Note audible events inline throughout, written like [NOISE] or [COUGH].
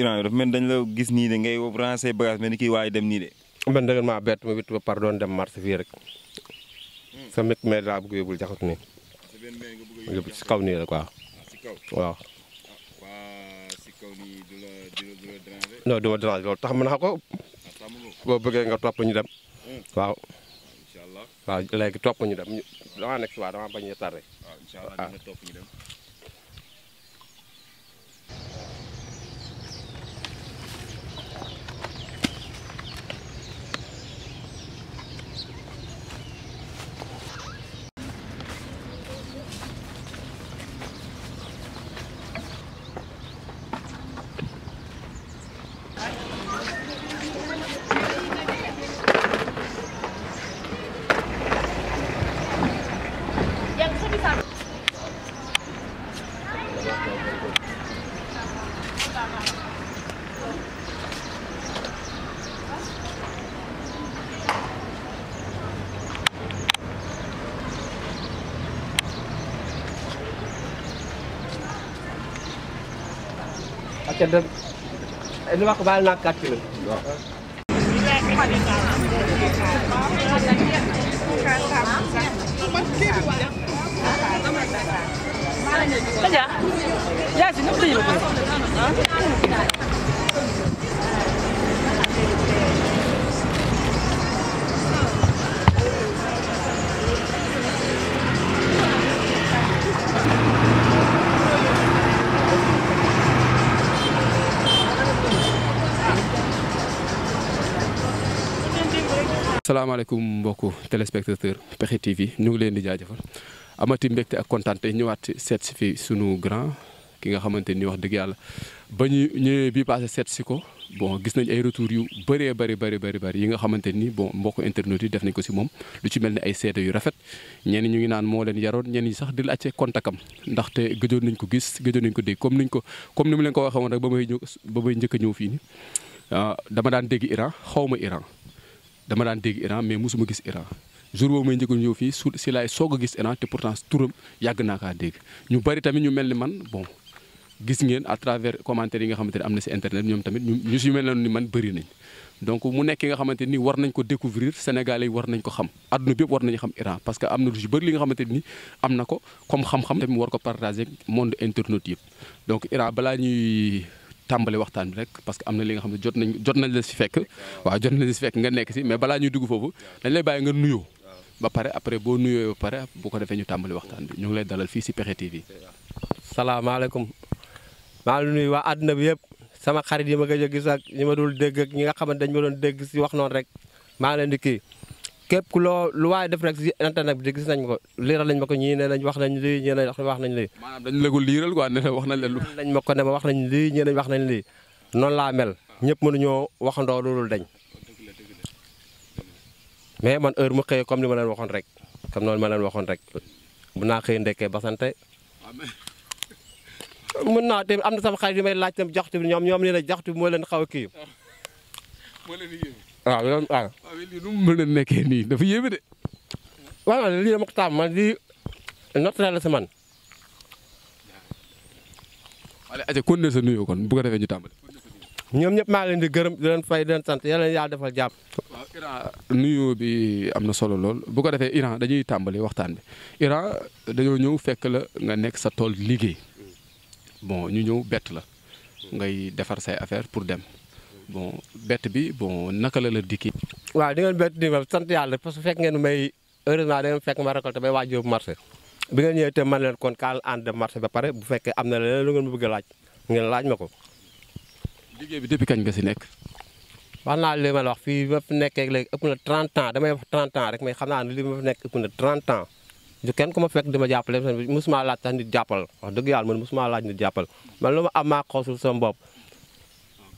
Iran yow dafa mel dañ la gis nii de ngay ranger bagage kii waaye dem nii de. man dëgg maa bett ma witt ba par doon dem marché fii rek hmm. sa mét mais laa bëgg yóbbul jaxatu nii yóbbul si kaw nii rek waaw. waaw. Ah, non du ma déranger loolu tax mën naa ah, ko boo bëggee nga topp ñu dem hmm. waaw. waaw léegi topp ñu dem ñu damaa nekk si waaw bañ a tardé. waaw ah, incha allah ñu dem. aca dem li wax baal naa quatre kilos Aja, ya sini beli salaamaaleykum mbokku téléspectateur Pexxe TV ñu ngi leen di jaajëfal amati mbégte ak kontaan tey ñëwaat seet sunu grand ki nga xamante ni wax dëgg yàlla ba ñu ñëwee bii passé seet si ko bon gis nañ ay retour yu bëree bëri bëri bëri bëri yi nga xamante ni bon mbokk internet yi def nañ ko si moom lu ci mel ni ay seede yu rafet ñenn ñu ngi naan moo leen yaroon ñen ñi sax di laajte kontakam ndaxte gëjoon nañ ko gis gëjoon nañ ko dégg comme ñu ko comme ni mu leen ko waxee woon rek ba may ñëw ba may ñëw fii ni ah, dama daan dégg Iran xaw ma Iran dama daan dégg Iran mais mosuma gis Iran jour boobu may njëkkoon ñëw fii su si laay soog a gis Iran te pourtant turam yàgg naa kaa dégg ñu bari tamit ñu mel ni man bon gis ngeen à travers commentaire yi nga xamante ne am na si internet ñoom tamit ñu si mel na ni man bëri nañ donc mu nekk nga xamante ni war nañ ko découvrir sénégalais yi war nañ ko xam adduna bépp war nañu xam Iran parce que am na lu ci bëri li nga xamante ni am na ko comme xam-xam tamit war ko partager monde internaute yëpp donc Iran balaa tàmbali waxtaan bi rek parce que am na li nga xam ne jot nañ jot nañ la si fekk waaw jot nañ la si fekk nga nekk si mais balaa ñuy dugg foofu dañ lay bàyyi nga nuyoo ba pare après boo nuyoo ba pare boo ko defee ñu tàmbali waxtaan bi ñu ngi lay dalal fii si Pexxe TV. salaamaaleykum maa ngi nuyu waa àdduna bi yëpp sama xarit yi ma nga a gis ak ñi ma dul dégg ak ñi nga xam xamante dañ ma doon dégg si wax noonu rek maa leen di kii képp ku loo lu waaye def rek si internet bi gis nañ ko liiral lañ ma ko ñii nee nañ wax nañ lii ñii nañ wax nañ lii. maanaam dañ la ko liiral quoi nee na wax nañ la lu. lañ ma ko ne ma wax nañ lii ñii nañ wax nañ lii noonu laa mel ñëpp mënuñoo waxandoo loolu dañ mais man heure mu xëyee comme ni ma leen waxoon rek comme noonu ma leen waxoon rek mun naa xëy ndekkee ba sante mën naa te am na sama xarit yu may laaj tam jaxtu bi ñoom ñoom nee na jaxtu bi moo leen xaw a kii. waaw loolu waaw. waaw lii nu mu mën a nekkee nii dafa yéeme de. waaw lii dama ko taam man lii la si man. wala aja bu ko defee ñu tàmbali. ñoom ñëpp maa leen di gërëm di fay di sant yàlla na yàlla defal jàpp. waaw Iran bi am na solo lool bu ko defee Iran dañuy tàmbali waxtaan bi Iran dañoo ñëw fekk la nga nekk sa tool liggéey bon ñu ñëw bett la ngay defar say affaire pour dem. bon bett bi bon naka la la dikki. waaw di ngeen bett di ma sant yàlla parce que fekk ngeen may heureusement da ngeen fekk ma récolté bay waajoo marché bi ngeen ñëwee te man leen kon ka ànd dem marché ba pare bu fekkee am na leneen la ngeen bëgg laaj ngeen laaj ma ko. liggéey bi depuis kañ nga si nekk. wax naa li ma la nekk fii ba fi nekkee léegi ëpp na 30 ans damay wax 30 ans rek mais xam naa ne li ma fi nekk ëpp na 30 ans. du kenn ku ma fekk dama jàppale mosuma laaj sax nit jàppal wax dëgg yàlla man mosuma laaj nit jàppal man lu ma am maa xoosul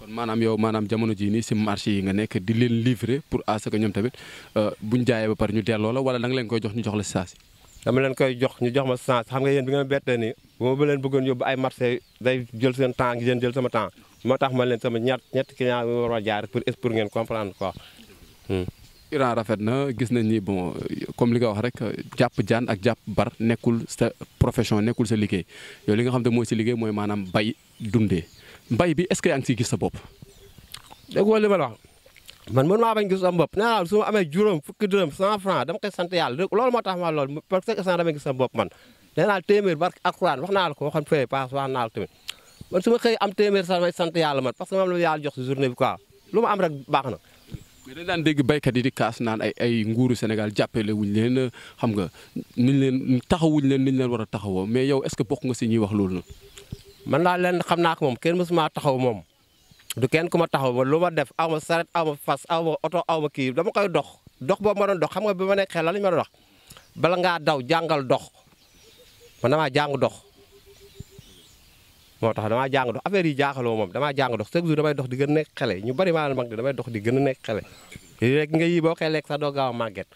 maanaam yow maanaam jamono jii nii si marché yi nga nekk di leen livrer pour à ce que ñoom tamit euh, buñ jaayee ba pare ñu delloo la wala da leen koy jox ñu jox la si saa si dama leen koy jox ñu jox ma sens xam nga yéen bi nga ma bettee nii bu ma ba leen bëggoon yóbbu ay marché day jël seen temps ngeen jël sama temps moo tax ma leen sama ñett ñetti client war a jaar pour pour ngeen comprendre ko hmm. Iran rafet na gis nañ ni bon comme li nga wax rek jàpp jaan ak jàpp bar nekkul sa profession nekkul sa liggéey yow xam te mooy si liggéey mooy maanaam bay dundee. mbay bi est-ce que yaa ngi siy gis sa bopp. déggoo li ma la wax man mën maa bañ gis sama bopp nee naa su ma amee juróom fukki dërëm cent franc dama koy sant yàlla loolu moo tax ma loolu parce que instant damay gis bopp man. nee naa téeméer barke alxuraan naa la ko waxoon fee paas wax man su ma am téeméer sax may sant yàlla man parce que moom la yàlla jox si journée bi quoi lu am rek baax na. n dañ daan dégg béykat yi di kaas naan ay ay nguuru Sénégal jàppale wuñ leen xam nga niñ leen taxawuñ leen niñ leen war a taxawoo mais yow est-ce que si ñuy wax loolu man laa leen xam naa ko moom kenn mësuma taxaw moom du kenn ku ma taxaw ba lu ma def aw ma a aw ma fas aw ma oto aw ma kii dama koy dox dox boobu ma doon dox xam nga bi ma nekk xel la lañ ma doon dox bala ngaa daw jàngal dox man damaa jàng dox moo tax damaa jàng dox affaire yi jaaxaloo moom damaa jàng dox chaque jour damay dox di gën a nekk xale ñu bari maa la mag damay dox di gën a nekk xale lii rek boo koy lekk doo gaaw màgget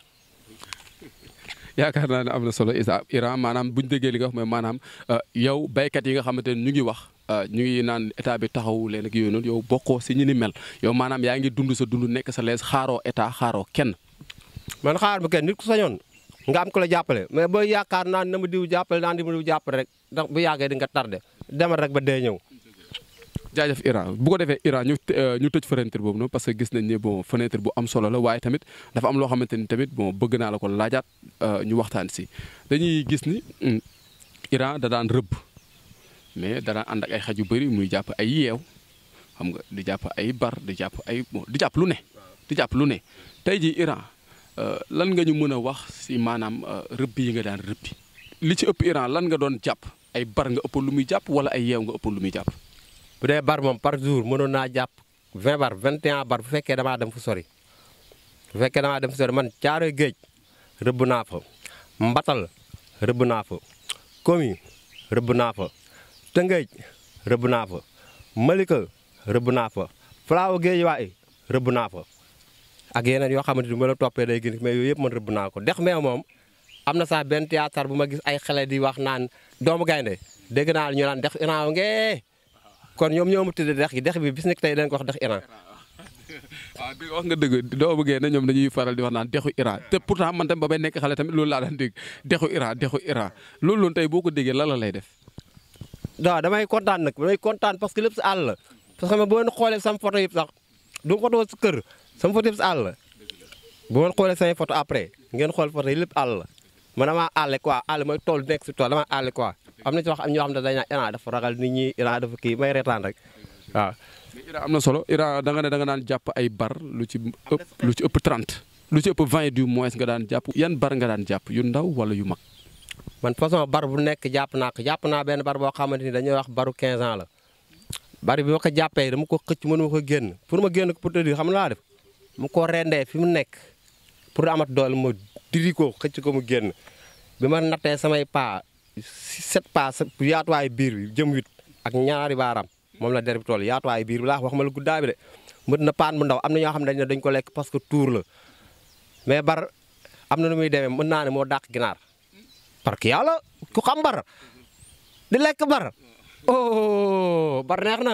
yaakaar naa ne am na solo Issa Iran maanaam bu ñu déggee nga wax mooy maanaam euh, yow béykat yi nga xamante ne ñu ngi wax euh, ñu ngi naan état bi taxawu leen ak yooyu noonu yow bokkoo si ñu ni mel yow maanaam yaa ngi dund sa dund nekk sa lees xaaroo état xaaroo kenn. man xaar bu kenn nit ku sañoon nga am ko la jàppale mais boo yaakaar naan na ma diw jàppale naan di ma diw jàppale rek ndax bu yàggee di nga tardé demal rek ba dee ñëw. jaajëf Iran bu ko defee Iran ñu euh, ñu tëj fenêtre boobu noonu parce que gis nañ ne bon bu am solo la waaye tamit dafa am loo xamante ni tamit bon bëgg naa la ko laajaat euh, ñu waxtaan si dañuy gis ni hmm, Iran da daan rëbb mais da daan ànd ak ay xaj yu bëri muy jàpp ay yeew xam nga di jàpp ay bar di jàpp ay di jàpp ne. di jàpp ne tey jii Iran euh, lan nga ñu mën a wax si maanaam rëbb yi nga daan rëbbi li ci ëpp Iran lan nga doon jàpp ay bar nga ëpp lu muy jàpp wala ay yeew nga ëpp lu muy jàpp. bu dee bar moom par jour mënoon naa jàpp 20 bar 21 bar bu fekkee damaa dem fu sori bu fekkee damaa dem fu sori man caare géej rëbb naa fa mbatal rëbb naa fa komi rëbb naa fa tëngéej rëbb naa fa malika rëbb naa fa falaawa géej waay rëbb naa fa ak yeneen yoo xamante ni ma la toppee day gën mais yooyu yëpp man rëbb naa ko dex meew moom am na sax benn théâtre bu ma gis ay xale di wax naan doomu gaynde dégg naa ñu naan dex inaaw ngee kon ñoom ñoo ma tuddee dex gi dex bi bis nekk tey dañ ko wax dex Iran. [LAUGHS] waaw dëgg wax nga dëgg doo bëggee na ñoom dañuy faral di wax naan dexu Iran te pourtant man tam ba bay nekk xale tamit loolu laa daan dégg dexu Iran dexu Iran loolu loolu tey boo ko déggee lan na lay def. waaw damay kontaan nag damay kontaan parce que lépp si àll la parce que boo xoolee sama photo yëpp sax du ma photo si kër sama àll la boo xoolee samay photo après ngeen xool photo yi lépp àll la man damaa àll quoi àll mooy tool nekk si tool damaa àll quoi. am na ci xam ne dañ naan am na solo Iran ne da nga naan jàpp ay bar lu ci lu ci ëpp 30 lu ci ëpp du moins nga daan jàpp yan bar nga daan jàpp yu ndaw wala yu mag. man façon bar bu nekk jàpp naa ko jàpp naa benn bar boo xamante ni dañuy wax baru 15 ans la bari bi ko jàppee dama ko xëcc mënuma ko génn pour ma génn ko pour te di xam laa def mu ko rendee fi mu nekk pour amat doole ma diri ko xëcc ko mu génn bi ma nattee samay paa sept pas yaatuwaayu biir bi wit ak ñaari baaraam moom la der bi toll yaatuwaayu biir bi laax wax ma la guddaay bi de mën na paan bu ndaw am na ñoo xam ne dañ ko lekk parce que tuur la mais bar am na nu muy demee mën naa ne moo dàq ginaar parce que yàlla ku xam bar di lekk bar oh bar neex na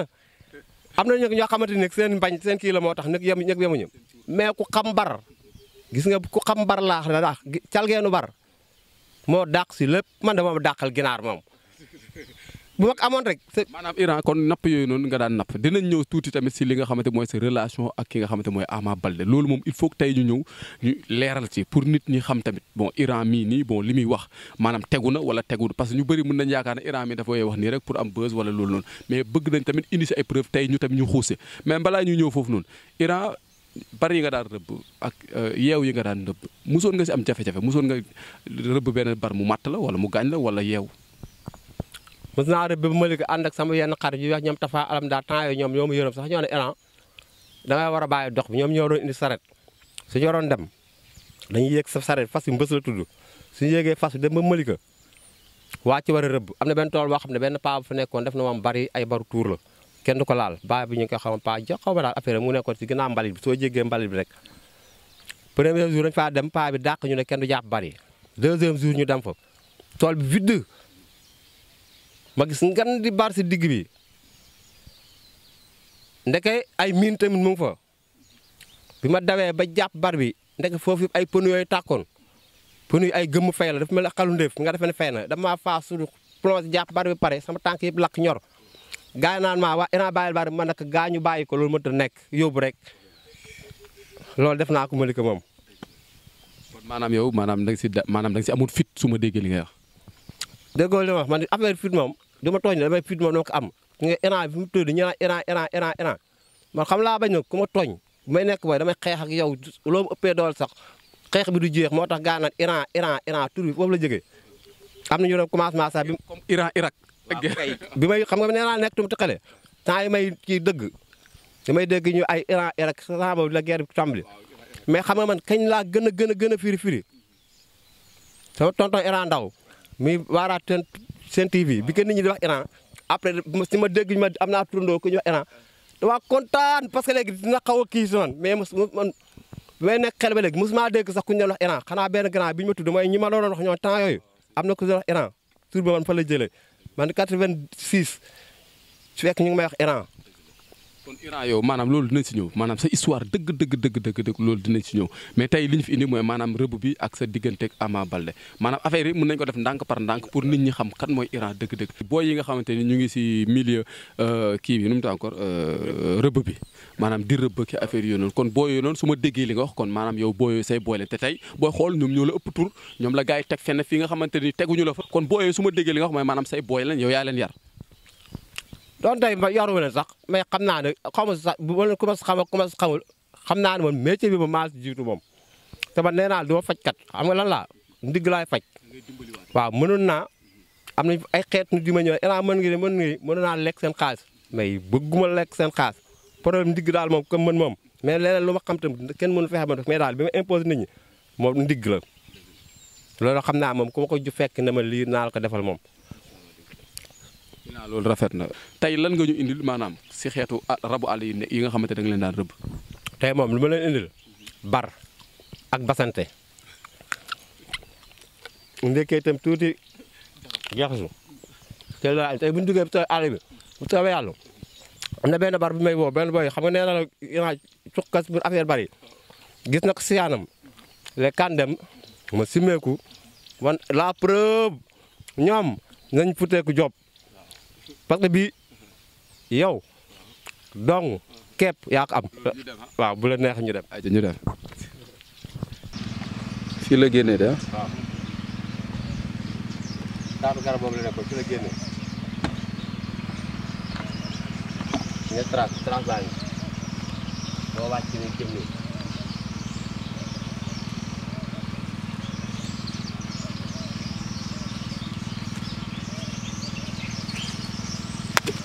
am na ñoo xamante ni seen mbañ seen kii la moo tax nag yem ñëg yemuñu mais ku xam bar gis nga ku xam bar laax la daax calgeenu bar moo dàq si lépp man dama dàqal ginaar moom [LAUGHS] bu mag amoon rek. maanaam Iran kon napp yooyu noonu nga daan napp dinañ ñëw tuuti tamit si li nga xamante mooy sa relation ak ki nga xamante mooy Ama Baldé loolu moom il faut que tey ñu ñëw ñu leeral ci pour nit ñi xam tamit bon Iran mii nii bon li muy wax maanaam tegu na wala tegu parce que ñu bëri mën nañ yaakaar ne Iran mii dafa koy wax nii rek pour am buzz wala loolu noonu mais bëgg nañ tamit indi si ay preuve tey ñu tamit ñëw foofu noonu bari yi nga daan rëbb ak euh, yeew yi nga daan rëbb musoon nga si am jafe-jafe musoon nga rëbb benn bar mu matt la wala mu gaañ la wala yeew. mos naa rëbb ba ma léegi ànd ak sama yenn xarit yu wax ñoom Tafa alam daal temps yooyu ñoom ñoo ma yërëm sax ñoo ne élan dangay war a bàyyi dox bi ñoom ñoo doon indi saret suñu ñoroon dem dañu yéeg sa saret fas yi mbës la tudd suñu yéegee fas bi dem ba Malika waa ci war a rëbb am na benn tool boo xam ne benn paa fu nekkoon def na moom bari ay baru la kenn du ko laal baa bi ñu ngi ko xaw pa jox xaw ma daal affaire mu nekkoon ci ginnaaw mbalit bi soo jéggee mbalit bi rek premier jour dañ faa dem paa bi dàq ñu ne kenn du jàpp bari deuxième jour ñu dem fa tool bi vide ma gis ngan ni bar si digg bi ndeke ay miin tamit mu ngi bi ma dawee ba jàpp bar bi ndeke foofu ay pneu yooyu tàkkoon pneu yi ay gëmm fay la dafa mel ne xalu ndéef nga defee ne fay na damaa faa suñu plonge jàpp bar bi pare sama tànk yëpp lakk ñor gaa yi naan maa waa Iran bàyyil bari man nag bàyyi ko loolu ma a nekk yóbbu rek loolu def naa ko Malika moom. kon maanaam yow maanaam da nga maanaam da nga si fit su ma déggee li nga wax. déggoo li ma wax man affaire fit moom du ma tooñ damay fit ma dama am ñu ngi Iran bi mu tudd laa bañ nag ku ma tooñ may nekk mooy damay xeex ak yow loo mu ëppee dool sax xeex bi du jeex moo tax gaa naan Iran Iran Iran tur bi la jógee am na ñu doon commencement sax bi. comme Iran bi may xam nga nee naa nekk tuuti xale temps yi may ci dëgg damay dégg ñu ay Iran Irak saa boobu la guerre bi tàmbali mais xam nga man kañ laa gën a gën a gën a firi firi sama tonton Iran Ndaw muy waaraat seen seen TV bi ko nit ñi di wax Iran après si ma dégg ñu ma am naa turandoo ku ñu wax Iran dama kontaan parce que léegi dina xaw a kii si man mais mos man may nekk xel ba léegi mosuma dégg sax ku ñu wax Iran xanaa benn grand bi ñu ma tudd mooy ñi ma doon wax ñoom temps yooyu na ku ñu wax Iran tur ba man fa la jëlee. man 86 su fekk ñu ngi may wax Iran kon Iran yow maanaam loolu dinañ si ñëw maanaam sa histoire dëgg dëgg dëgg dëgg dëgg loolu dinañ si ñëw mais tey li ñu fi indi mooy maanaam rëbb bi ak sa digganteeg Ama Baldé maanaam affaire yi mën nañ ko def ndànk par ndànk pour nit ñi xam kan mooy Iran dëgg-dëgg booy yi nga xamante ni ñu ngi si milieu euh, kii bi nu mu tudd encore euh, rëbb bi maanaam di rëbb ki affaire yooyu noonu kon boo yooyu noonu su ma déggee li nga wax kon maanaam yow boo yooyu say boole te tey booy xool ñoom ñoo la ëpp tur ñoom la gars yi teg nga xamante ni teguñu la kon boo yooyu su ma déggee li nga wax mooy doon tey ma yoruma leen sax mais xam naa ne xaw ma sax bu ma ku ma xam ku ma xamul xam naa ne moom métier bi ma maa si jiitu moom te man nee naa du ma fajkat xam nga lan laa ndigg laay faj waaw mënoon naa am nañ ay xeet nu di ma ñëw énaa mën ngi ne mën ngi mënoon naa lekk seen xaalis mais bëgguma lekk seen xaalis problème ndigg daal moom comme mën moom mais leneen lu ma xam tam kenn mënu fexe ma def mais daal bi ma imposé nit ñi moom ndigg la loolu xam naa moom ku ma ko ju fekk na ma lii naa la ko defal moom waaw rafet na tey lan nga ñu indil maanaam si xeetu rabu àll yi yi nga xamante da nga leen daan rëbb. tey moom lu ma leen indil. bar ak basante. ndekkee itam tuuti jaxasu te loolu daal tey bu ñu duggee bi bu tawee yàlla am na benn bar bu may woo benn boy xam nga nee naa la yéen cukkas bu affaire bari gis na ko si yaanam le kàndem ma simmeeku wan la preuve ñoom nañ futeeku job parce bi yow dong képp yaa ko am. waaw bu la neex ñu dem. ayca ñu dem. la génne de ah. waaw. boobu la nekkoon fii la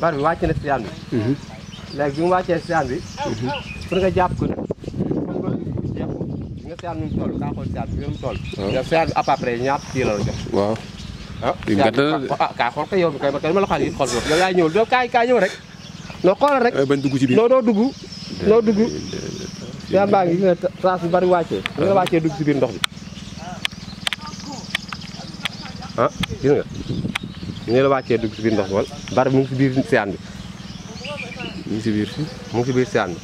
bar bi wàcc si yaan bi mhm. léegi bi mu wàccee bi mhm. pour nga jàpp ko nga siyaan nu mu toll kaa xool siyaan bi mu toll nga siyaan bi à peu près ñaar kii la la jox waaw ah, ah, ah yow bi koy ba koy ma la xaar yi yaa ñëwul doo kaay kaay ñëw rek noo xoolal rek eh, bañ dugg ci biir noo doo dugg noo dugg siyaan ngi nga trace bari wàccee bi nga wàccee dugg si biir bi ah gis ñu ne la wàccee dugg si biir ndox bari mu ngi si biir siyaan bi mu ngi si biir fii mu ngi si biir siyaan bi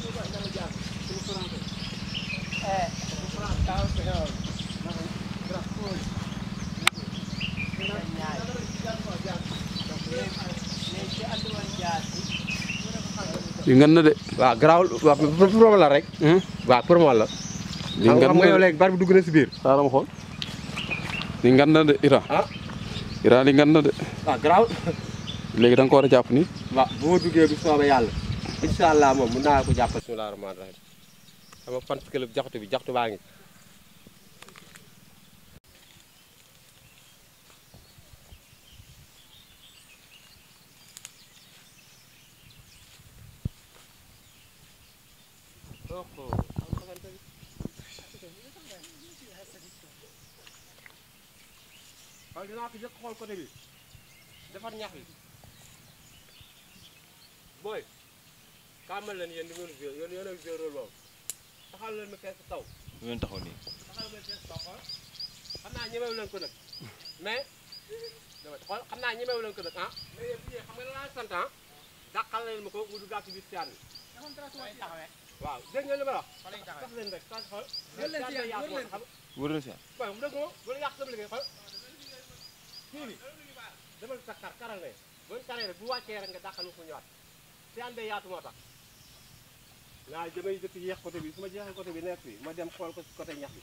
li ngeen na de. waaw garaawul waaw pour la rek. Hmm? waaw pour moom la. bi dugg na si biir. waaw dama xool li ngeen de Ira. Ah? Iran yi ngan na de. Ah, léegi da war a jàpp ni boo bu ma duggee bu soobee yàlla incha allah moom mën naa ko jàppal. bisimilah rahmaani rahim sama fan club jaxtu bi jaxtu baa ngi. wala dinaa ko jëkk xool côté bi defar ñax bi booy kaamal leen yéen di ngeen joué yéen yéen a taxal leen ma fees taw bu ngeen taxaw nii taxal ma fees taw xool xam naa ñemewu leen ko nag mais xool xam naa ñemewu leen ko nag ah mais yéen bu ah. leen ko mu duggaat ci biir siyaan bi waaw dégg ngeen li ma wax sax leen rek sax xool wër leen siyaan wër leen siyaan waaw mu dëgg moom kii nii demal sa kar karal ne booy karee rek bu wàccee rek nga dàqal ko ñëwaat si àndee yaatu moo tax naa damay dëkk yéex côté bi su ma jeexee côté bi nekk bi ma dem xool ko côté ñax bi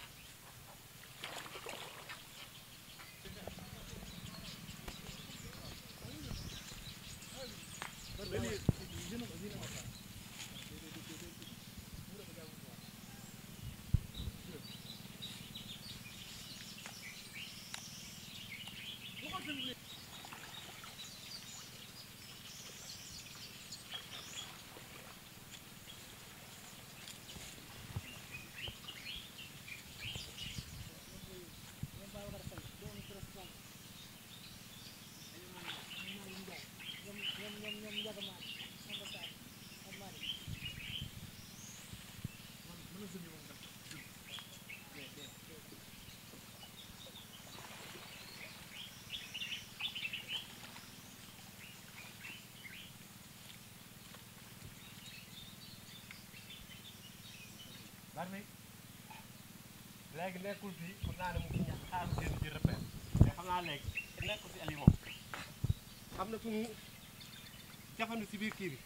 xam ni léegi nekkul fii xam naa ne mu ngi ñax xaaru génn ci repère mais xam naa léegi nekkul fi Aliou xam na fu mu jafandu si biir kii bi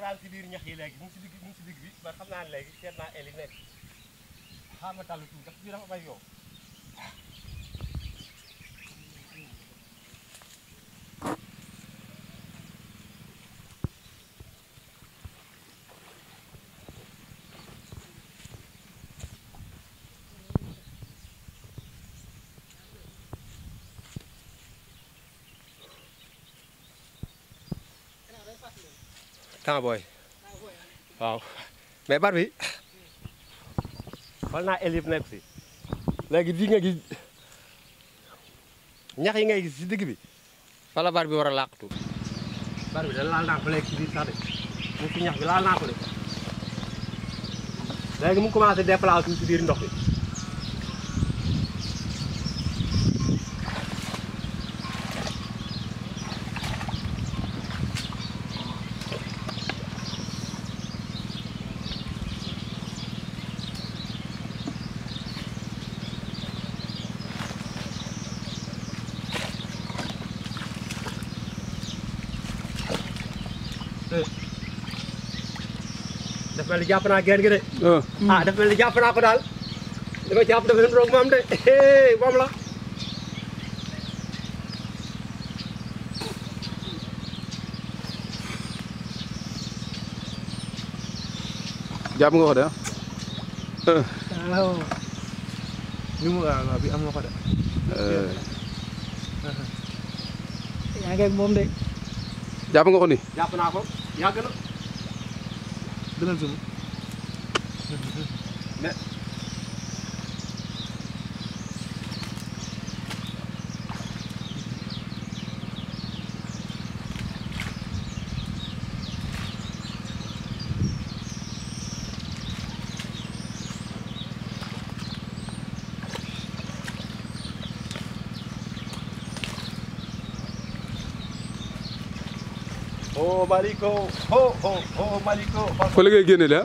raam si biir ñax yi léegi mu ngi si digg mu ngi si digg bi ba xam naa ne léegi seet naa Aliou nekk xaar ma tàllu tuuti ndax bii dafa bay yow temps booy waaw mais bar bi xool naa el yëpp nekk si léegi di nga gis ñax yi ngay gis si digg bi fala bar bi war a làqatu bar bi da laal naa ko léegi si biir sax de mu si ñax bi laal naa ko de léegi mu commencé déplacer si biir ndox bi mel ni jàpp naa geen gi de. Ah. ah dafa mel ni jàpp naa ko daal li ma jàpp dafa doon roog maam de moom la. jàpp nga ko de ah. waaw. numéro waaw bi am nga ko de. Eh. yaa ngi ak moom de. jàpp nga ko ni. jàpp naa ko yàgg na. dinañ sunu. Mais Oh Maliko, oh, oh, oh la ngay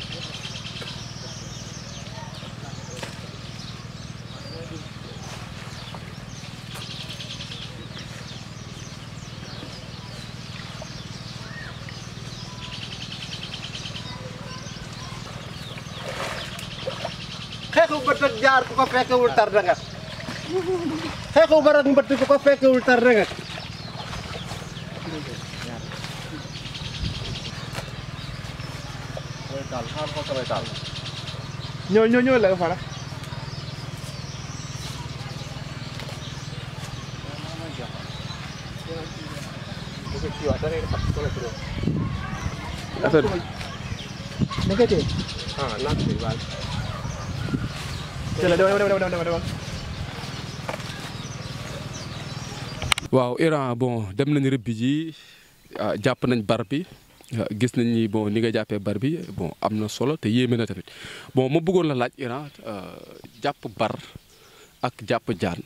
jaar ku ko fekkewul tar dangat xeexu barak ñoo ñoo jël demal waaw Iran bon dem nañ rëbbi ji ah, jàpp nañ bar bi ah, gis nañ ni bon ni nga jàppee bar bi bon am na solo te yéeme na tamit bon ma buggoon la laaj Iran ah, jàpp bar ak jàpp jaan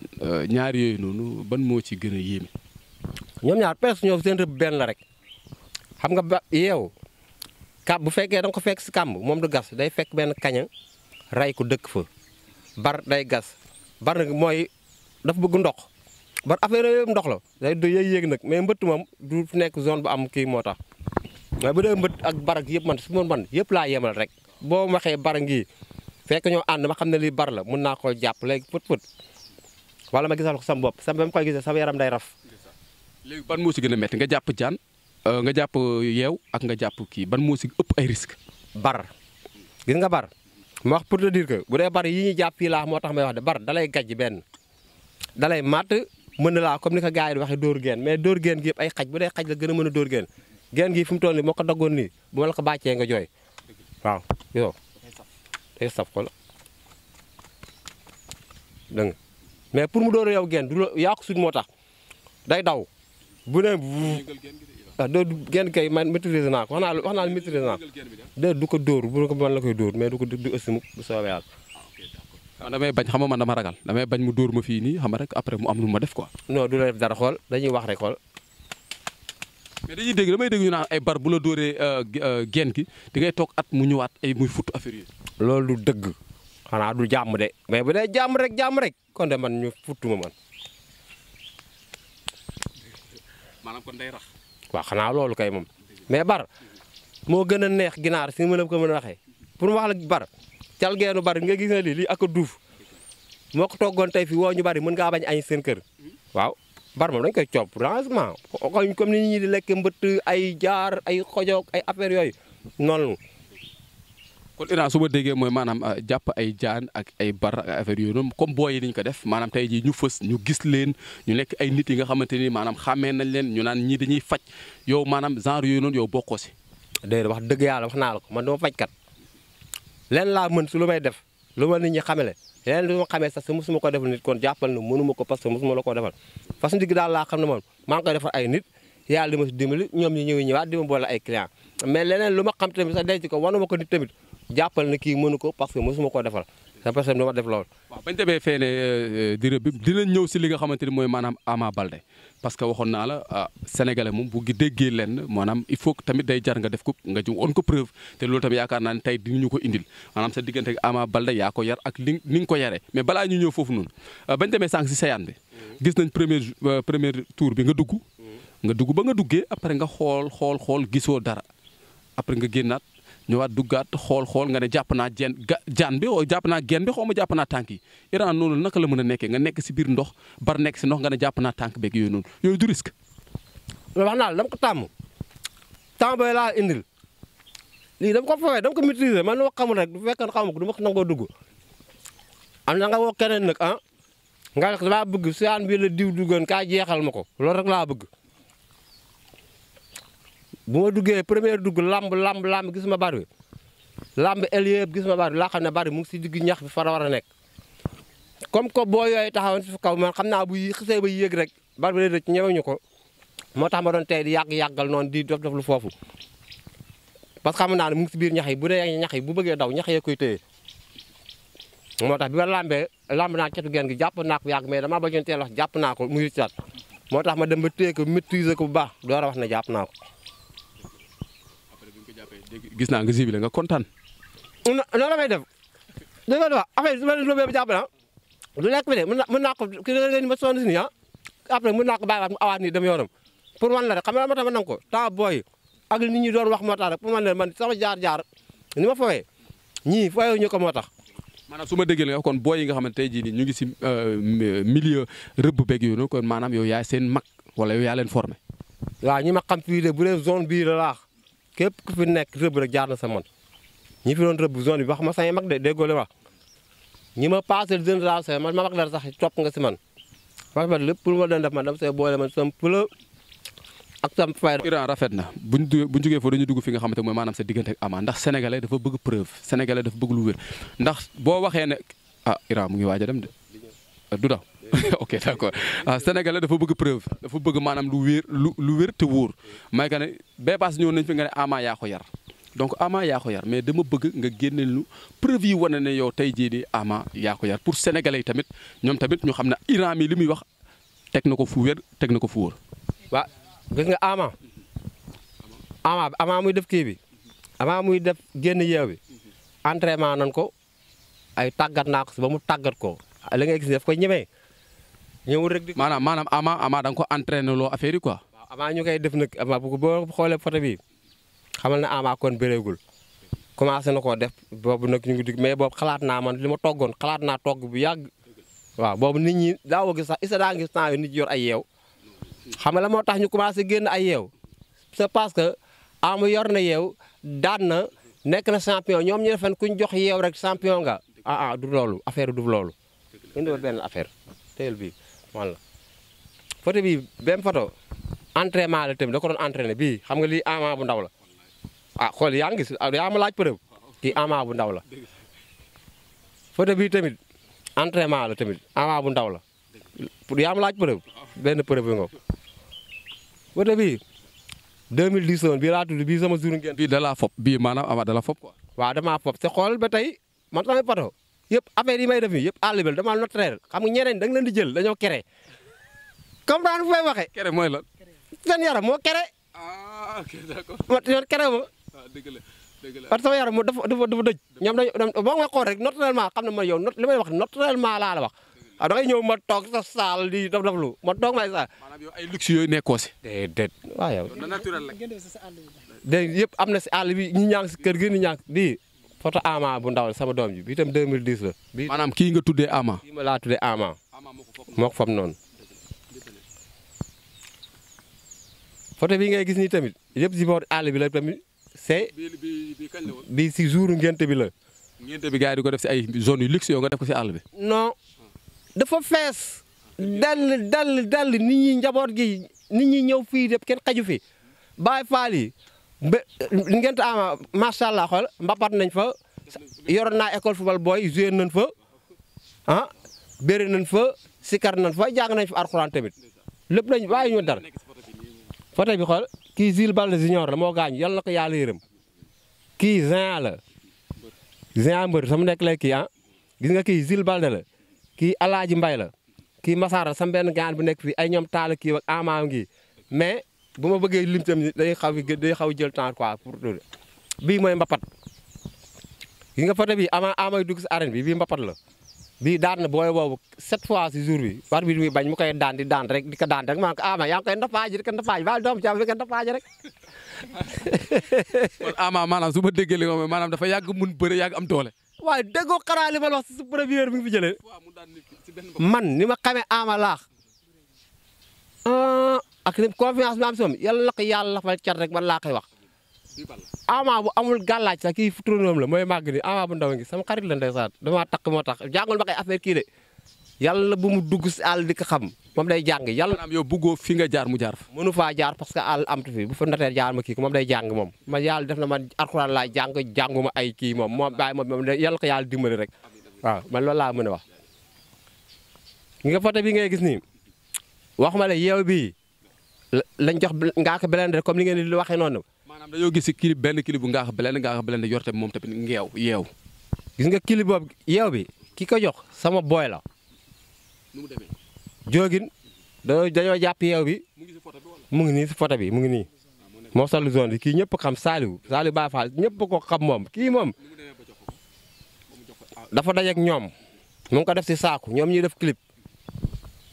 ñaar yooyu noonu ban moo ci gën a yéeme. ñoom ñaar presque ñoom seen rëbb benn la rek xam nga ba yeew kàmb bu fekkee da ko fekk si kàmb moom du gas day fekk benn kaña ray ko dëkk fa bar day gas bar nag mooy dafa bëgg ndox bar affaire yooyu ndox la day du yéeg yéeg nag mais mbëtt moom du nekk zone bu am kii moo tax waaye bu dee mbëtt ak bar yëpp man su ma man yëpp laa yemal rek boo waxee bar ngi fekk ñoo ànd ma xam ne lii bar la mun naa koo jàpp léegi pët pët wala ma gisal ko sam bopp sam ba ma koy gisee sama yaram day raf. léegi ban moo si gën a métti nga jàpp jaan euh, nga jàpp yeew ak nga jàpp kii ban moo ëpp ay risque. bar gis nga bar. ma wax pour te dire que bu dee bar yi ñuy jàpp fii laa moo tax may wax de bar dalay gajj benn lay matt mën na laa comme ni ko gars yi di waxee dóor geen mais dóor geen gi yëpp ay bu dee xaj la gën a mën a dóor geen geen gi fi mu toll nii moo ko daggoon nii bu ma la ko bàccee nga jooy waaw yow day saf ko la dégg nga mais pour mu dóor yow geen du la yaa suñ moo tax day daw bu ne waaw doo genn kay man maîtrise naa ko la wax naa la maîtrise naa ko doo du ko dóor koy dóor mais du ko du ëss mu bu soobee ah, ah, bañ xam nga man dama ragal damay bañ mu dóor ma fii nii xam nga rek après mu am lu ma def quoi. dara xool dañuy wax rek xool. dañuy dégg damay dégg ñu naan ay bar bula la dóoree euh, euh, genn ki di ngay toog at mu ñëwaat ay muy futt affaire loolu du dëgg xanaa du jàmm de mais bu dee jàmm rek jàmm rek kon de man ñu futtuma man. kon day rax. waaw xanaa loolu kay moom mais bar moo gën a neex ginaar si ma la ko mën a waxee pour wax la bar cal geenu bar nga gis na lii lii ak a duuf moo ko toggoon tey fii woo ñu bari mën ngaa bañ añ seen kër waaw bar moom dañ koy copp rangement comme ni ñi di lekk mbëtt ay jaar ay xojoog ay affaire yooyu noonu kon Iran su ma déggee mooy maanaam euh, jàpp ay jaan ak ay bar ak affaire yooyu noonu comme booy yi ko def maanaam tey jii ñu fës ñu gis leen ñu nekk ay nit yi nga xamante ni maanaam xàmmee nañ leen ñu naan ñii dañuy faj yow maanaam genre yooyu noonu yow yàlla wax naa la ko man dama fajkat leen laa mën su lu may defal xam ne moom maa ngi koy ay nit yàlla di ma si dimbali ñoom ñi ñëw ñëwaat di boole ay client mais leneen lu ma xam tamit sax denc ko wanuma ko nit tamit jàppal na kii mënu ko parce que mësuma koo defal sa personne dama def loolu. waaw demee fee ne euh, di rëbb dinañ ñëw si li nga xamante ni mooy maanaam Ama Balde parce que waxoon naa la ah, sénégalais moom bu déggee maanaam il faut tamit day jar nga def ko nga ji woon ko preuve te loolu tamit yaakaar naa ne tey dinañu ko indil maanaam sa diggante ak Ama Balde yaa yar ak ni nga ko yaree mais balaa ñu ñëw foofu ah, bañ demee sànq si sayaan bi gis nañ premier euh, premier tour bi nga dugg. nga dugg ba nga duggee après nga xool xool xool gisoo dara après nga génnaat. ñëwaat duggaat xool xool nga ne jàpp naa jeen ga jaan jàpp naa geen bi xaw ma jàpp naa tànk yi Iran noonu naka la mën a nekkee nga nekk si biir ndox bar nekk si ndox nga ne jàpp naa tànk beeg yooyu noonu yooyu du risque. wax naa la dama ko tàmm laa indil lii dama ko fawee dama ko man xamul rek bu fekkee xamu ko du ma nangoo dugg na nga woo keneen nag ah nga ne laa bëgg saan bi la diw duggoon kaa jeexal ma ko loolu rek laa bëgg. bu ma duggee première dugg lamb lamb lamb gisuma bari bi lamb el yëpp e gisuma bari bi laa xam ne bari mu ngi si digg ñax bi fara war a nekk comme que boo yooyu taxawoon si kaw man xam naa bu xisee ba yéeg rek bari bi dee ci ko moo tax ma doon tey di yàgg-yàggal noonu di dof dof foofu parce que xam naa ne mu ngi si ñax yi bu dee ñax yi bu bëggee daw ñax yee koy téye moo tax bi ma lambee lamb naa cetu gi jàpp naa ko mais damaa bañoon wax jàpp naa ko mu moo tax ma dem ba téye ko maîtriser ko bu baax door a wax na jàpp naa ko gis naa nga zibilé nga kontaan. non non la may def nga dafa affaire su ma leen lóobee ba jàpp ah, na du lekk bi de mën naa ko kii la ma sonn si nii ah, après mën naa ko bàyyiwaat mu awaat nii dem yoonam pour man la rek ma tax ma nangu booy ak li nit ñi doon wax moo tax rek pour man la man jaar-jaar ni ma fooyee ñii fooyee ko moo tax. maanaam su ma déggee kon booy yi nga xamante tey jii nii ñu ngi si euh, milieu rëbb beeg yooyu ko maanaam yow yaay seen mag wala yow yaa leen formé. waaw ñi ma xam fii de bu zone bii la laax képp ku fi nekk rëbb rek jaar na sa ñi fi doon rëbb zone bi wax ma say mag de déggoo la wax ñi ma passé génération man ma mag la sax topp nga si man wax ma lépp lu ma doon def man dama see boole man sam pula ak sam fay Iran rafet na buñ buñ jógee foofu ñu dugg fi nga xamante mooy maanaam sa diggante ak Ama ndax sénégalais dafa bëgg preuve sénégalais dafa bëgg lu wér ndax boo waxee ne ah Iran mu ngi waaj a dem de du daw [LAUGHS] ok d' accord ah, dafa bëgg preuve dafa bëgg maanaam lu wér lu lu wér te wóor may nga ne bee paas ñëw nañ fi nga ne Ama yaa ko yar donc Ama yaa ko yar mais dama bëgg nga génneel lu preuve yi wane ne yow tey jii nii Ama yaa pour sénégalais yi tamit ñoom tamit ñu xam ne Iran mi li muy wax teg na ko fu wér teg na ko fu wóor. waa gis nga muy def kii bi Ama muy def génn yeew bi entraînement nañ ko ay tàggat naa ko si ba mu tàggat ko li nga gis daf koy ñemee. ñëwul rek di maanaam maanaam ama amaa da nga ko entraîné loo affaire yi quoi. waaw ñu koy def nag ama bu boo xoolee photo bi xamal na ama kon bëreegul commencé na koo def boobu nag ñu ngi dig mais boobu xalaat naa moon li ma toggoon xalaat naa togg bu yàgg. waaw boobu ni ñi daaw a gis sax isa daa gis temps yi nit yor ay yeew xam nga la moo tax ñu commencé génn ay yeew c'est parce que ama yor na yeew daan na nekk na champion ñoom ñu fen ku ñu jox yeew rek champion ga ah ah du loolu affaire du loolu. indiwal benn affaire teel bi walla photo bi benn photo entraînement la tamit da ko doon bii xam lii Ama bu ndaw la ah xool yaa ngi ah, yaa ma laaj preuve kii Ama bu ndaw la photo bii tamit entraînement la tamit Ama bu la yaa ma laaj preuve benn preuve nga photo bii 2010 woon bii laa tudd bii sama jour ngeen bii da laa bii maanaam Ama da la fob quoi waaw damaa fob te xool ba tey man yëpp affaire yi may def nii yëpp àll bi dama naturel xam nga ñeneen da nga leen di jël dañoo kere comprendre fu may waxee. kere mooy lan. seen yaram moo kere. ah ok d'accord. ma yoon kere ma. waaw ah, dëgg la dëgg la. parce que sama yaram dafa dafa dafa dëj. ñoom dañu boo may xool rek naturellement xam ne man yow li may wax naturellement laa la wax. ah ñëw ma toog sa saal di daf daf lu ma toog may saal. maanaam yow ay luxe nekkoo si. déedéet waaw yow. naturel la. dégg yëpp am na si àll bi ñu ngi si kër gi ñu ñaa ngi photo Ama bu ndaw la sama doom ji bi itam 2010 la. bii maanaam kii nga tuddee Ama. kii ma laa tuddee Ama noonu. photo bii ngay gis ni tamit yëpp si boor àll bi la tamit c'est. bii si jour ngénte bi la. ngénte bi gars yi di ko def si ay zone yu luxe yow nga def ko si àll bi. non dafa fees. dal dal dal nit ñi njaboot gi nit ñi ñëw fii de ken xaju fi bàyyi faal ba ngeen ama macha allah xool mbapat nañ fa yoroon naa école football booy joué nañ fa ah bëri nañ fa sikar nañ fa jàng nañ fa arxuraan tamit lépp lañ bàyyi ñu dara foto bi xool kii Jules Baldé junior la moo gaañu yàlla na ko yàlla yërëm kii Géant la Géant mbër sama nekk lay kii ah gis nga kii Jules Baldé la kii Alaaji Mbay la kii Massara sam benn gaan bu nekk fii ay ñom taal kii ak amaam ngi mais bu ma bëggee lim tamit day xaw day xaw jël temps quoi pour bii mooy mbapat gi nga foto bii ama amay dugg si arène bi bii mbapat la bii daan na booy boobu sept fois si jour bi war bi muy bañ mu koy daan di daan rek di ko daan rek maa ko ama yaa ngi koy ndafaaji di ko ndafaaji baal doom ci am di ko ndafaaji rek [LAUGHS] kon ama maanaam su ma déggee li nga maanaam dafa yàgg mun bëre yàgg am doole waa déggoo xanaa li ma la wax si première bi nga fi jëlee man ni ma xamee ama laax ah, ak confiance bi am si moom yàlla na ko la fa cat rek man laa koy wax. ama bu amul gàllaaj sax kii turandoom la mooy màgg ni ama bu ndaw ngi sama xarit la ndeysaan damaa takk moo tax jàngul ma koy affaire kii de yàlla mu dugg si àll di ko xam moom day jàng yàlla. maanaam yow bëggoo fi nga jaar mu jaar fa. mënu jaar parce que àll amtu fi fa natee jaar ma kii ko moom day jàng moom man yàlla na man alxuraan laa jàng jànguma ay kii moom moom bàyyi moom yàlla ko yàlla dimbali rek waaw man loolu laa a wax. nga foto bi ngay gis nii la yow bii la jox Ngaaka Blindé comme li ngeen di waxee noonu. maanaam dañoo gis si clip benn clip bu Ngaaka Blindé Ngaaka Blindé yor tamit moom tamit ngeew yeew. gis nga clip boobu yeew bi ki ko jox sama booy la. nu mu demee joogin dañoo dañoo jàpp yeew bi mu ngi nii si bi mu ngi nii moo sol zone bi kii ñëpp xam Saliou Saliou Ba Fall ñëpp ko xam moom kii moom ah. dafa dajeeg ñoom mu ngi ko def si saaku ñoom ñuy def clip.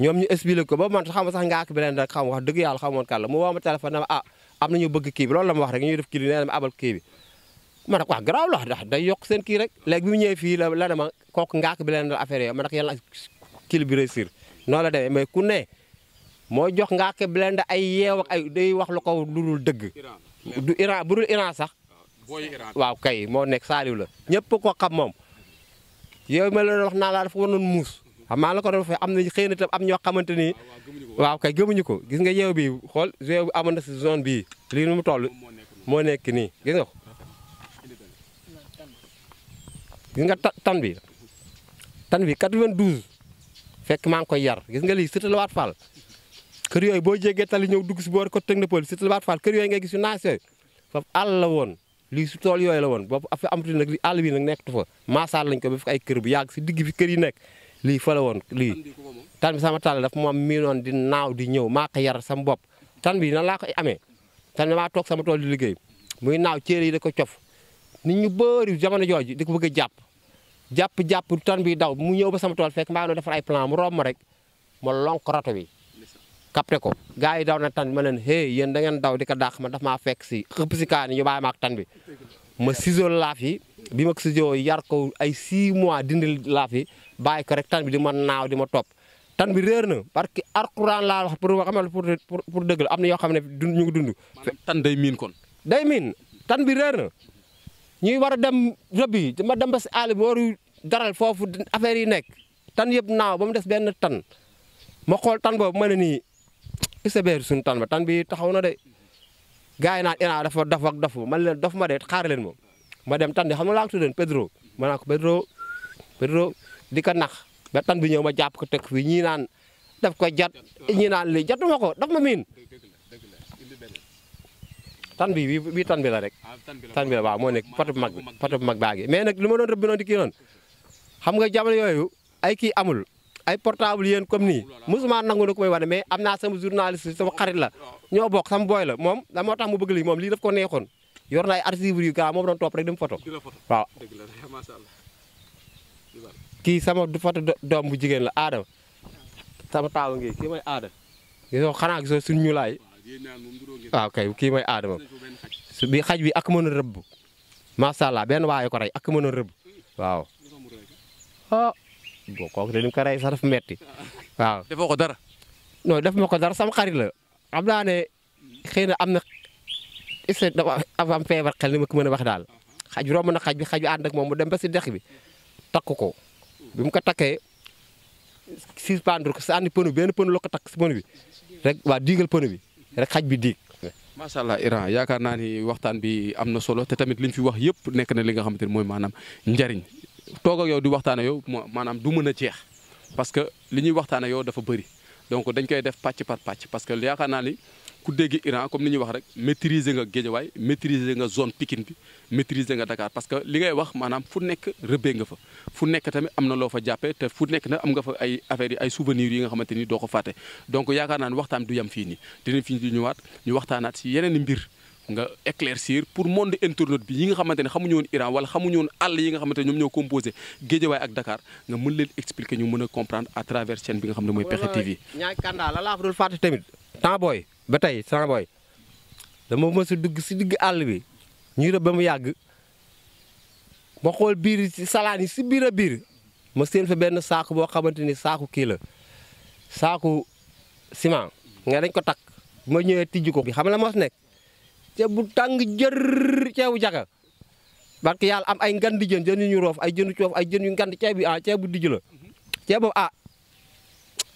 ñoom ñu expliqué ko ba man xam sax nga ak beneen rek xam wax dëgg yàlla xamoon kan la mu woo ma téléphone dama ah am nañu bëgg kii bi ma wax rek ñuy def kii bi nee na ma abal kii bi ma ne ko wax ah, garaaw la ndax day yokk kii rek léegi bi mu ñëwee fii la la dama kooku ngaak bi leen la affaire yo kii bi la demee mais ku ne moo jox ngaak bi leen ay yeew ak ay day wax lu ko ludul dëgg du Iran bu dul Iran sax waaw kay moo nekk saaliw la ñëpp ko xam moom yow ma leen wax laa dafa waroon muus xam maa la ko doon fay am na xëy na tam am ñoo xamante ni waaw kay gëmuñu ko gis nga yeew bi xool yeew bi amoon na si zone bii lii nu mu toll moo nekk nii gis nga ko gis nga tan bi tan bi 92 fekk maa ngi koy yar gis nga lii Cité Lobatt Fall kër yooyu boo jégee tali ñëw dugg si boor ko Technopole Cité Lobatt Fall kër yooyu ngay gis yu naas yooyu foofu àll woon lii si tool yooyu la woon boobu afa amatu nag àll bi nag nekkatu fa maasaal lañ ko ba fi ay kër bu yàgg si digg fi kër yi nekk lii fa la woon lii tan bi sama tàll daf moom miinoon di naaw di ñëw maa ko yar sama bopp tan bi nan laa ko amee tan bi maa toog sama tool di liggéey mu naaw céere yi da ko cof nit ñu bëri jamono jooju di ko bëgg a jàpp jàpp-jàpp tan bi daw mu ñëw ba sama tool fek maa ngi doon defar plan mu room ma rek ma lonk rato bi capté ko gars yi daw na tan bi ma leen hey yéen da daw di ko dàq ma daf ma fekk si xëpp si kaani maak tan bi ma sisool laaf yi bi ma ko si joo yar ay 6 mois dindi laa fi bàyyi ko rek tan bi di ma naaw di ma topp tan bi réer na parce que alxuraan la wax pour xamal pour pour dëgg am na yoo xam ne dund ñu ngi dund. maanaam tan day miin kon. day miin tan bi réer na ñuy war a dem rëbbi ma dem ba si àll bi waru daral foofu affaire yi nekk tan yëpp naaw ba mu des benn tan ma xool tan boobu ma ne nii isebeer suñu tan ba tan bi taxaw na de gars yi naan inaa dafa ak dafu man leen daf ma de xaar leen moom. ma dem tan bi xam nga laa ko tuddoon Pedro ma naa ko Pedro Pedro di ko nax ba tan bi ñëw ma jàpp ko teg fii ñii naan daf ko jat ñii naan lii jatuma ko daf ma miin tan bi bi bii tan bi la rek tan bi la waaw moo bi mag baa ngi mais nag li ma doon rëbbi noonu di kii yooyu ay kii amul ay portable yéen comme nii mosuma nangu na ko may wane am naa sama journaliste sama xarit la ñoo bokk sama booy la moom da moo tax mu bëgg lii moom lii daf ko neexoon yor ay archives yu gaa moom doon topp rek dem photo waaw [LAUGHS] kii sama photo doom bu jigéen la aadama sama taawa ngi kii mooy aadama gisoo xanaa gisoo suñ waaw ah, kay kii mooy aadama bi xaj bi ak mën a rëbb macha allah benn waaye ko rey ak mën a rëbb waaw ah boo kooku dañu ko rey sax dafa metti [LAUGHS] waaw defoo ko dara dara sama xarit la xam naa ne hmm. xëy na am islam dafa am feebar xel ni ma ko mën a wax daal xaj romb na xaj bi xaj bi ànd ak moom dem ba si dex bi takk ko bi mu ko takkee suspendre ko si àndi pënu benn pënu la ko takk si pënu bi rek waa diigal pënu bi rek xaj bi diig. macha allah Iran yaakaar naa ni waxtaan bi am na solo te tamit li ñu fi wax yëpp nekk na li nga xamante ni mooy maanaam njariñ toog a yow di waxtaan ak yow maanaam du mën a jeex parce que li ñuy waxtaan ak yow dafa bëri donc dañ koy def pàcc par pàcc parce que yaakaar ni. ku dégg Iran comme ni ñuy wax rek maîtriser nga Géejawaay maîtriser nga zone Pikine bi maîtriser nga Dakar parce que li ngay wax maanaam fu nekk rëbbee nga fa fu nekk tamit am na loo fa jàppee te fu nekk nag am nga fa ay affaires yi ay souvenirs yi nga xamante ni doo ko fàtte donc yaakaar naa ne waxtaan du yem fii nii dinañ fi di ñëwaat ñu waxtaanaat si yeneen mbir nga éclaircir pour monde internaute bi yi nga xamante ne xamuñu woon Iran wala xamuñu woon àll yi nga xamante ne ñoom ñoo composé Guédiawaye ak Dakar nga mën leen expliquer ñu mën a comprendre à travers chaîne bi nga xam ne mooy Pexxe fa dul fàtte tamit ba tey temps booy dama mës si digg àll bi ñuy rëb ba mu yàgg ma xool biir si salaan yi si biir a biir ma seen fa benn saako boo xamante ni saako kii la saako ciment nga dañ ko takk ma ñëwee tijji ko. xam la mos nekk. ceeb bu tàng jër ceebu jaka parce que yàlla am ay ngandi jën jën yu ñu roof ay jënu coof ay jën yu ngand ceeb bi ah ceebu dijj la ceeb boobu ah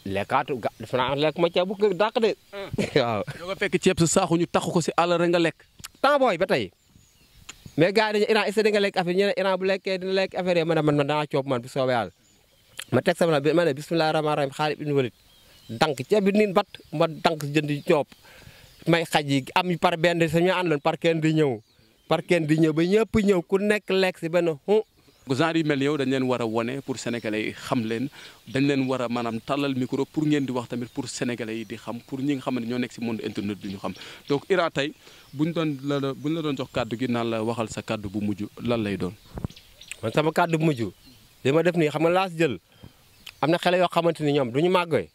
lekkaatu ga def naa lekk ma ceeb bu ko dàq de mm. [LAUGHS] waaw. ñoo nga taxu ko si àll rek nga lekk. temps booy ba tey mais gars yi dañuy Iran est-ce que nga lekk affaire ñu ne Iran bu lekkee dina lekk affaire yi man man man danaa coob man bu soobee yàlla ma teg sama ma ne bisimilah rahmaani rahiim Xaalid nu Walid dank ceeb bi niin bat ma dank jënd coob may xaj yi am par benn suñu àndoon par kenn di ñëw par kenn di ñëw ba ñëpp ñëw ku nekk lekk si benn xun. genre yu mel yow dañ leen war a wone pour sénégalais yi xam leen dañ leen war a maanaam tàllal micro pour ngeen di wax tamit pour sénégale yi di xam pour ñi nga xam ne ñoo nekk si monde internet du ñu xam donc Ira tey bu doon la buñ la doon jox kàddu gi naan la waxal sa kàddu bu mujj lan lay doon. man sama kàddu bu mujj li ma def nii xam nga laas jël am na xale yoo xamante ni ñoom du ñu màggee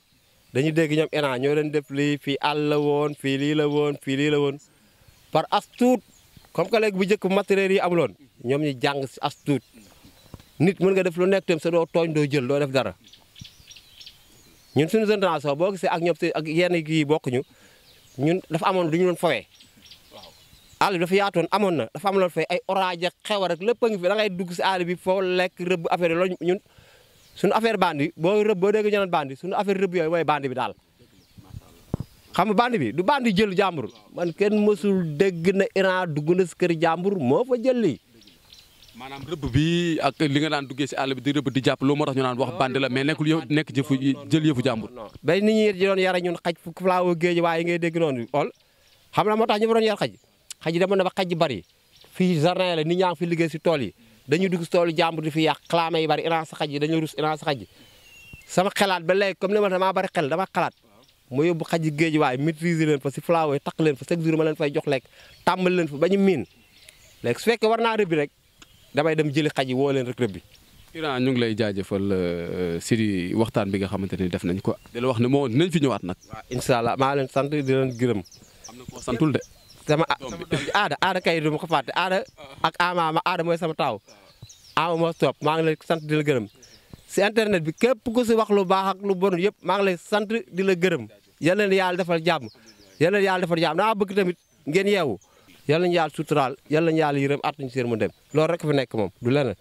dañuy dégg ñoom ENA ñoo leen def lii fii àll la woon fii lii la woon fii lii la woon par as tuut comme que bu njëkk matériels yi amuloon ñoom ñu jàng si as tuut nit mun nga def lu nekk tam sa doo tooñ doo jël doo def dara ñun suñu génération boo gisee ak ñoom ak yenn kii bokkuñu ñun dafa amoon du ñu doon fawee. àll bi dafa yaatoon amoon na dafa am loon fay ay orage xew rek lépp a ngi fi da ngay dugg si àll bi foo lekk rëbb affaire loolu ñun. suñu affaire bandi boo rëbb boo dégg ñu naan bandi suñu affaire rëbb yooyu mooy bandi bi daal xam nga bi du bandi jël jàmbur man kenn mësul dégg na Iran dugg na si kër jàmbur moo fa jël lii maanaam rëbb bi ak li nga daan duggee si àll bi di rëbb di jàpp loolu moo tax ñu naan wax bandi la mais nekk jëfu jël yëfu jàmbur bay nit ñi doon yara ñun xaj fukk flaawo géej waaye ngay noonu ol xam na moo tax ñu fa doon yar xaj xaj yi demoon na ba xaj bari fii jardin la nit ñaa fi liggéey si tool yi dañuy dugg toolu jàmbur di fi yàq xalaame yi bari iran saxaj yi rus iran saxaj sama xelaat ba léegi comme ma damaa bari xel dama xalaat mu yóbbu xaj géej waaye maîtriser leen fa si flawo yi takk leen fa chaque jour ma leen fay jox lekk tàmbal leen fa ba ñu miin léegi su fekkee war naa rëbbi rek damay dem jëli xaj woo leen rek rëbbi Iran ñu ngi lay jaajëfal euh, euh, si waxtaan bi nga xamante ni def nañ ko la wax ne moo dinañ fi ñëwaat nag. waaw incha allah maa leen sant di leen gërëm. am na de. sama aada aada kay du ma ak amaama aada mooy sama taaw. Awa Mass Top maa ngi lay sant di la gërëm si internet bi képp ku si wax lu baax ak lu bon yëpp maa ngi lay sant di la gërëm yal na yàlla defal jàmm yal na yàlla defal jàmm naa bëgg tamit ngeen yeewu yalla nañu yàlla suturaal yal nañu yàlla yërëm at ñu seen mu dem loolu rek fi nekk moom du leneen